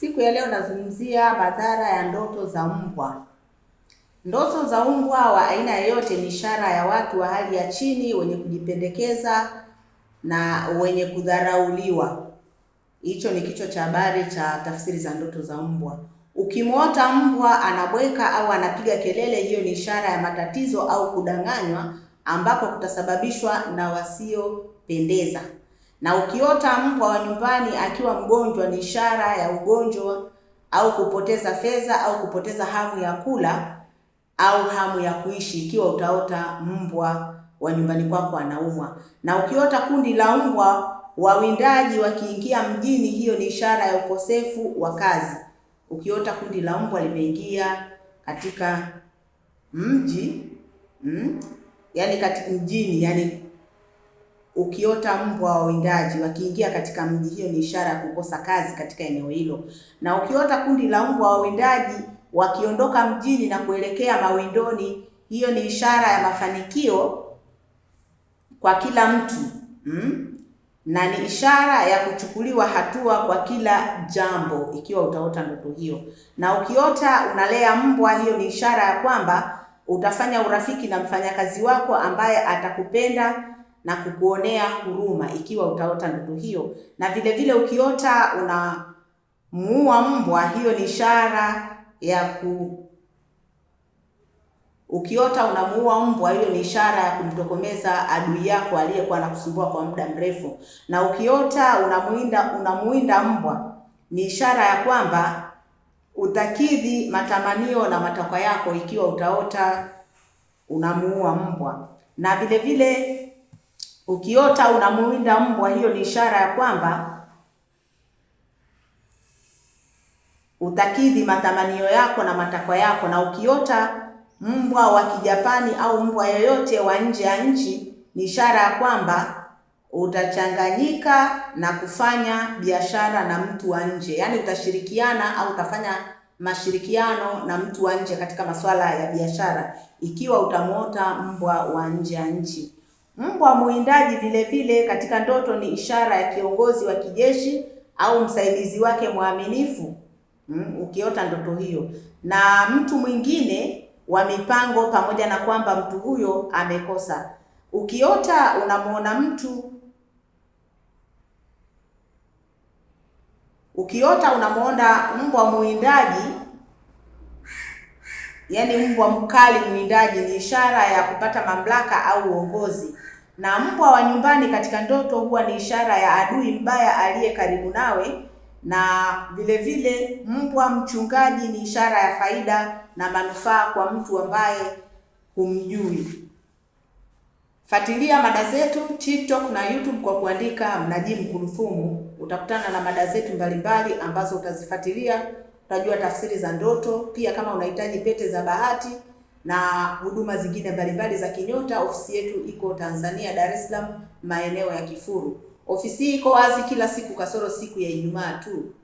Siku ya leo nazungumzia madhara ya ndoto za mbwa. Ndoto za mbwa wa aina yoyote ni ishara ya watu wa hali ya chini wenye kujipendekeza na wenye kudharauliwa. Hicho ni kichwa cha habari cha tafsiri za ndoto za mbwa. Ukimwota mbwa anabweka au anapiga kelele, hiyo ni ishara ya matatizo au kudanganywa, ambapo kutasababishwa na wasiopendeza. Na ukiota mbwa wa nyumbani akiwa mgonjwa ni ishara ya ugonjwa au kupoteza fedha au kupoteza hamu ya kula au hamu ya kuishi, ikiwa utaota mbwa wa nyumbani kwako anaumwa. Na ukiota kundi la mbwa wawindaji wakiingia mjini, hiyo ni ishara ya ukosefu wa kazi. Ukiota kundi la mbwa limeingia katika mji mm, yani kati mjini yani Ukiota mbwa wa wakiingia katika mji, hiyo ni ishara ya kukosa kazi katika eneo hilo, na ukiota kundi la mbwa wa wakiondoka mjini na kuelekea mawindoni, hiyo ni ishara ya mafanikio kwa kila mtu mm? na ni ishara ya kuchukuliwa hatua kwa kila jambo, ikiwa utaota ndoto hiyo. Na ukiota unalea mbwa, hiyo ni ishara ya kwamba utafanya urafiki na mfanyakazi wako ambaye atakupenda na kukuonea huruma ikiwa utaota ndoto hiyo, na vile vile ukiota unamuua mbwa, hiyo ni ishara ya ku ukiota unamuua mbwa, hiyo ni ishara ya kumtokomeza adui yako aliyekuwa anakusumbua kwa muda mrefu. Na ukiota unamuinda unamuinda mbwa, ni ishara ya kwamba utakidhi matamanio na matakwa yako, ikiwa utaota unamuua mbwa. Na vile vile Ukiota unamuwinda mbwa, hiyo ni ishara ya kwamba utakidhi matamanio yako na matakwa yako. Na ukiota mbwa wa Kijapani au mbwa yoyote wa nje ya nchi, ni ishara ya kwamba utachanganyika na kufanya biashara na mtu wa nje, yaani utashirikiana au utafanya mashirikiano na mtu wa nje katika masuala ya biashara, ikiwa utamuota mbwa wa nje ya nchi. Mbwa mwindaji vile vile katika ndoto ni ishara ya kiongozi wa kijeshi au msaidizi wake mwaminifu, mm, ukiota ndoto hiyo, na mtu mwingine wa mipango, pamoja na kwamba mtu huyo amekosa. Ukiota unamwona mtu ukiota unamwona mbwa mwindaji Yaani mbwa mkali mwindaji ni ishara ya kupata mamlaka au uongozi, na mbwa wa nyumbani katika ndoto huwa ni ishara ya adui mbaya aliye karibu nawe, na vile vile mbwa mchungaji ni ishara ya faida na manufaa kwa mtu ambaye humjui. Fuatilia mada zetu TikTok na YouTube kwa kuandika Mnajimu Kuruzumu. Utakutana na mada zetu mbalimbali ambazo utazifuatilia utajua tafsiri za ndoto, pia kama unahitaji pete za bahati na huduma zingine mbalimbali za kinyota. Ofisi yetu iko Tanzania, Dar es Salaam, maeneo ya Kifuru. Ofisi hii iko wazi kila siku kasoro siku ya Ijumaa tu.